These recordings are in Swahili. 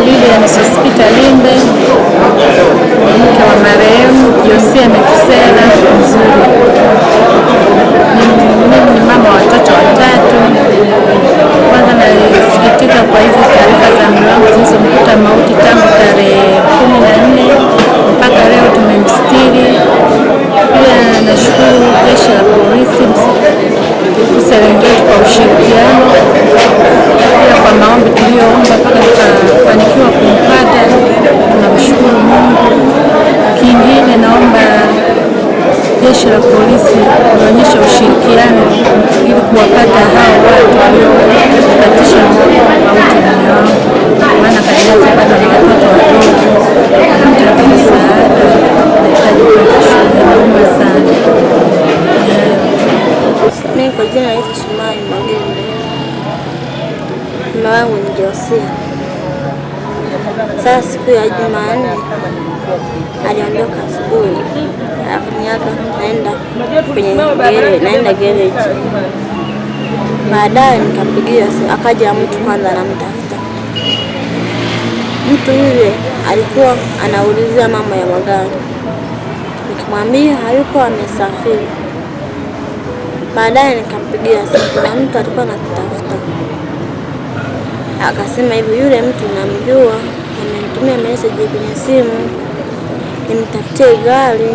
Lilian Sospita Limbe jeshi la polisi kuonyesha ushirikiano ili kuwapata hao watu waliokatisha mauti mume wao, maana katika kupata na watoto wadogo wanahitaji msaada, wanahitaji kwenda shule. Naomba sana. Mimi kwa jina naitwa mume wangu ni Josia. Sasa siku ya Jumanne aliondoka sabuni, alafu miaka naenda kwenye naenda gereji. Baadaye nikampigia akaja mtu kwanza, anamtafuta mtu yule, alikuwa anaulizia mambo ya magari, nikamwambia hayupo, amesafiri. Baadaye nikampigia simu, kuna mtu alikuwa anakutafuta, akasema hivi, yule mtu namjua, amenitumia meseji kwenye simu nimtafutie gari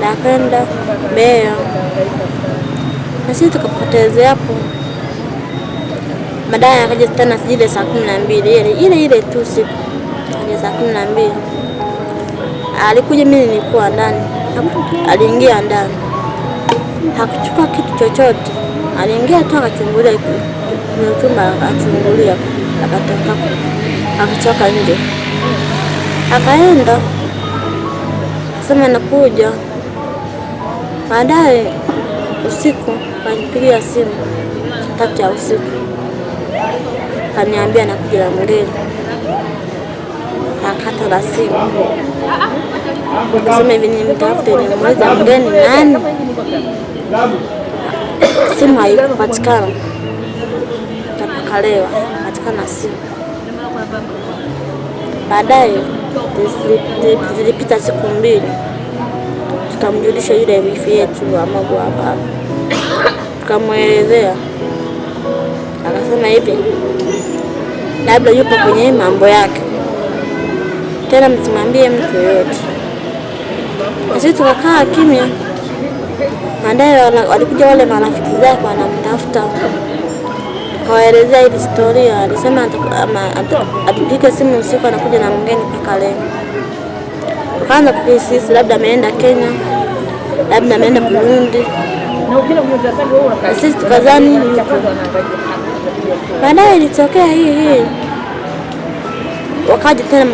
na kwenda Mbeya, na sisi tukapoteza hapo. Baadaye akaja tena sijile saa kumi na mbili ile ile ile tu siku akaja saa kumi na mbili alikuja, mimi nilikuwa ndani, aliingia ndani hakuchukua kitu chochote, aliingia tu akachungulia chumba, akachungulia akatoka, akachoka nje akaenda akasema nakuja baadaye. Usiku kanipigia simu tatu ya usiku, kaniambia nakuja na mgeni, akata la simu. akasema hivi nimtafute, nimuulize mgeni nani, simu haikupatikana, tapakalewa patikana simu baadaye zilipita siku mbili, tukamjulisha yule wifi yetu wa mambo hapa, tukamwelezea akasema hivi, labda yupo kwenye mambo yake, tena msimwambie mtu yoyote. Sisi tukakaa kimya, baadaye walikuja wale marafiki zake wanamtafuta kawaelezea hili historia, alisema atupike simu usiku, anakuja na mgeni mpaka leo. Kwanza kuhisi labda ameenda Kenya, labda ameenda Burundi, na sisi tukazani yuko. Baadaye ilitokea hii hii, wakaja tena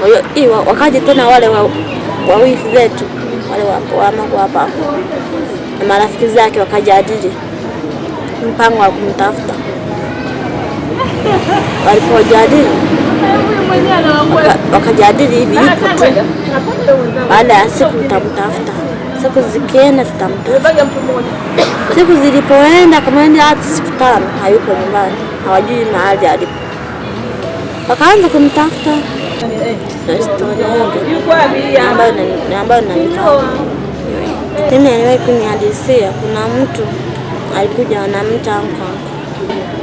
wakaja tena wale wa zetu wale wa hapa na marafiki zake wakajadili mpango wa kumtafuta walipojadili wakajadili hivi yupo tu, baada ya siku tutamtafuta, siku zikienda tutamtafuta. Siku zilipoenda kamwendea hata siku tano hayupo nyumbani, hawajui mahali alipo, wakaanza kumtafuta ambayo nanifaa tena. Aliwahi kunihadisia, kuna mtu alikuja na mtamko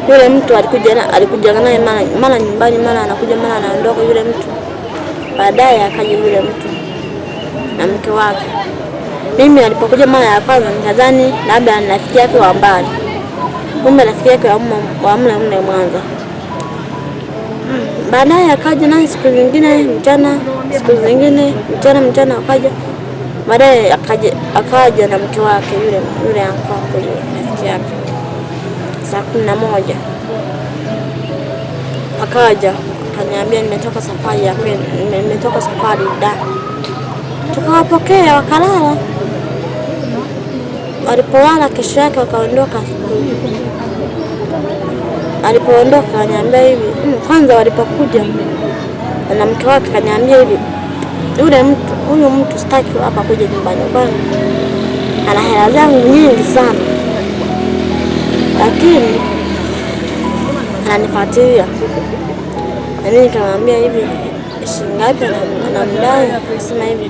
yule mtu alikuja alikuja naye mara mara nyumbani, mara anakuja mara anaondoka yule mtu. Baadaye akaja yule mtu na mke wake. Mimi alipokuja mara ya kwanza nikadhani labda ni rafiki yake wa mbali, kumbe rafiki yake wa mle mle Mwanza. Baadaye akaja naye siku zingine mchana, siku zingine mchana, mchana akaja. Baadaye akaja akaja na mke wake yule yule anko kumi na moja akaja akaniambia nimetoka safari ya nimetoka safari da. Tukawapokea wakalala. Walipolala kesho yake wakaondoka. Alipoondoka kaniambia hivi, hmm, kwanza walipokuja na mke wake kaniambia hivi, yule mtu huyu mtu sitaki hapa kuja nyumbani kwangu, ana hela zangu nyingi sana lakini kanifuatilia na mimi nikamwambia hivi shilingi ngapi anamdai? Sema hivi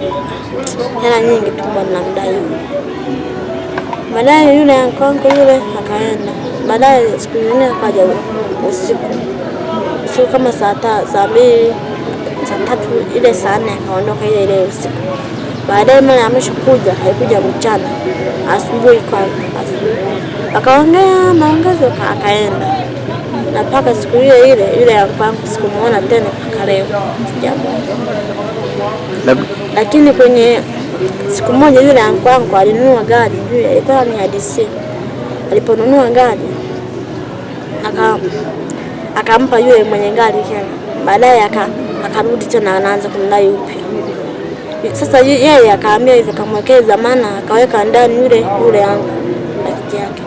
hela nyingi tu namdai. Baadaye yule ankonko yule akaenda, baadaye siku nyingine akaja usiku usiku kama saa mbili saa tatu ile saa nne akaondoka ile ile usiku Baadaye mara ya mwisho kuja haikuja mchana, asubuhi kwa asubuhi akaongea maongezo akaenda, na mpaka siku hiyo ile yule ya kwangu sikumuona tena mpaka leo Lakini kwenye siku moja yule ya mpango alinunua gari, yule alikuwa ni hadisi. Aliponunua gari aka akampa yule mwenye gari, baadaye akarudi tena anaanza kumdai upya. Sasa yeye akaambia hivyo, akamwekea zamana, akaweka ndani yule yule yangu rafiki yake,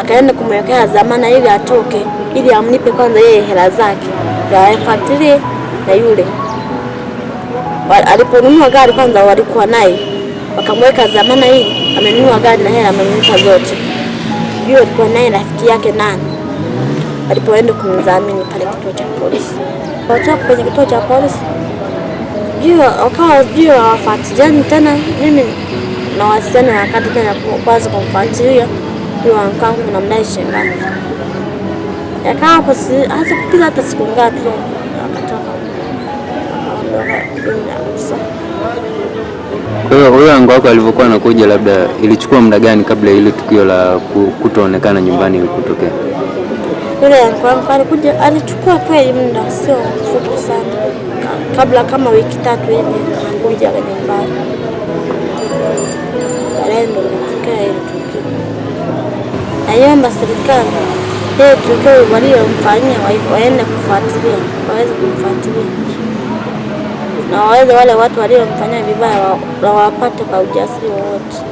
akaenda kumwekea zamana ili atoke, ili amnipe kwanza yeye hela zake awafuatilie na yule aliponunua gari kwanza, walikuwa naye wakamweka zamana hii, amenunua gari na hela amenunua zote. Yule alikuwa naye rafiki yake nani, alipoenda kumdhamini pale kituo cha polisi, watoka kwenye kituo cha polisi wakawa wajui hawafuatiliani tena. Mimi na wasichana wakati tena kwanza kumfuatilia huyo wankangu na mdai shangazi yakaa hapo, hata kupita hata siku ngapi akatoka. Kwa hiyo huyo wangu wako alivyokuwa anakuja, labda ilichukua muda gani kabla ile tukio la kutoonekana nyumbani kutokea? Yule wangu alikuja, alichukua kweli muda sio mfupi sana kabla kama wiki tatu hivi nakuja nyumbani, baadaye ndo nikatokea hili tukio. Naiomba serikali hili tukio waliomfanyia waende kufuatilia, waweze kumfuatilia na waweze wale watu waliomfanyia vibaya wawapate kwa ujasiri wowote.